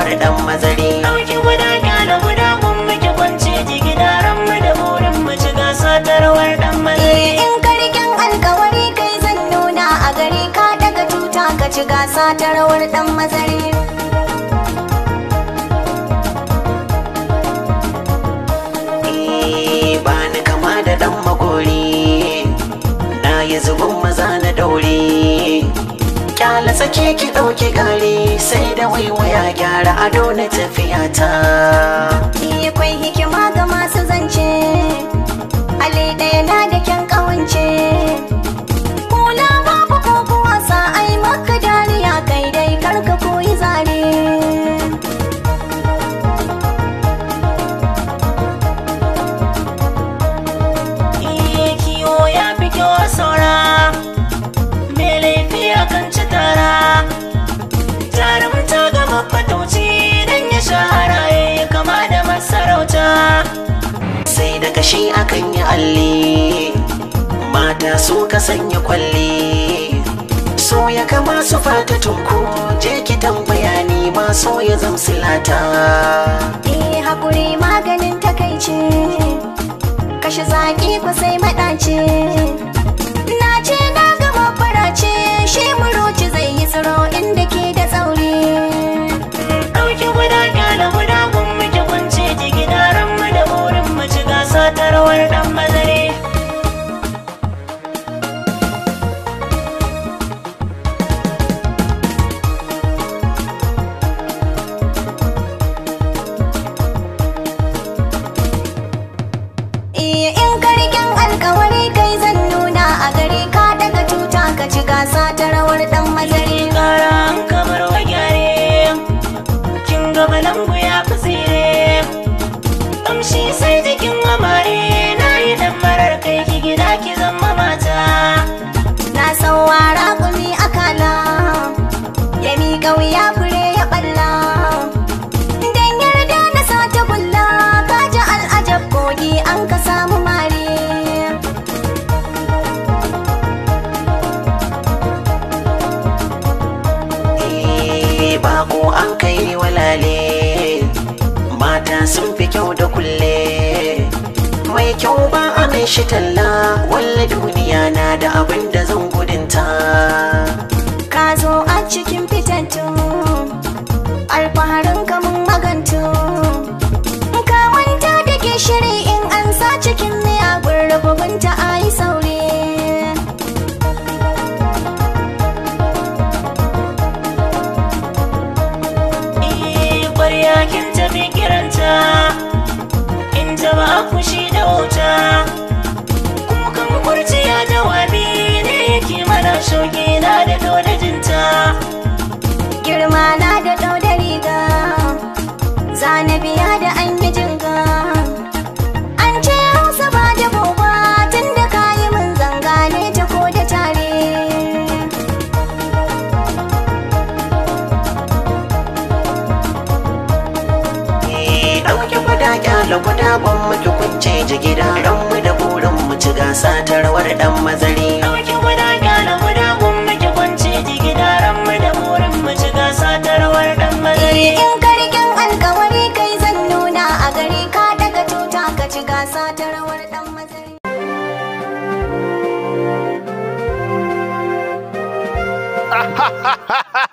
uwar dan mazari guda gyara guda kun miki kwance jigi daren mu da burin mu ci gasa ta rawar dan mazari in karkin alkawari kai zan nuna a gari ka daga tuta ka ci gasa ta rawar dan mazari sake ki ɗauki gari sai da waiwaya gyara ado na tafiya ta. Ki kwai hikima gama shi akan yi alli mata su ka sanya kwalli so ya kama su fata tunku je ki tambaya ni ma so ya zamsilata eh hakuri maganin takaici kashe zaki ku sai amalanmu ya fi tsire sai jiki Baƙo an kai ni walale mata sun fi kyau da kulle mai kyau ba a mai shi talla walla duniya na da abin da zan gudunta ka zo a cikin fitattu alfaharin kamar shauki na da da jinta girma na da da riga zanabiya da an yi jinga an ce hausa ba da boba tun da kayi min zanga ne ta ko da tare ɗauke guda kyala guda ban mutu kunce jigida ranmu da burin mu ci gasa ta rawar ɗan mazari ha ha ha ha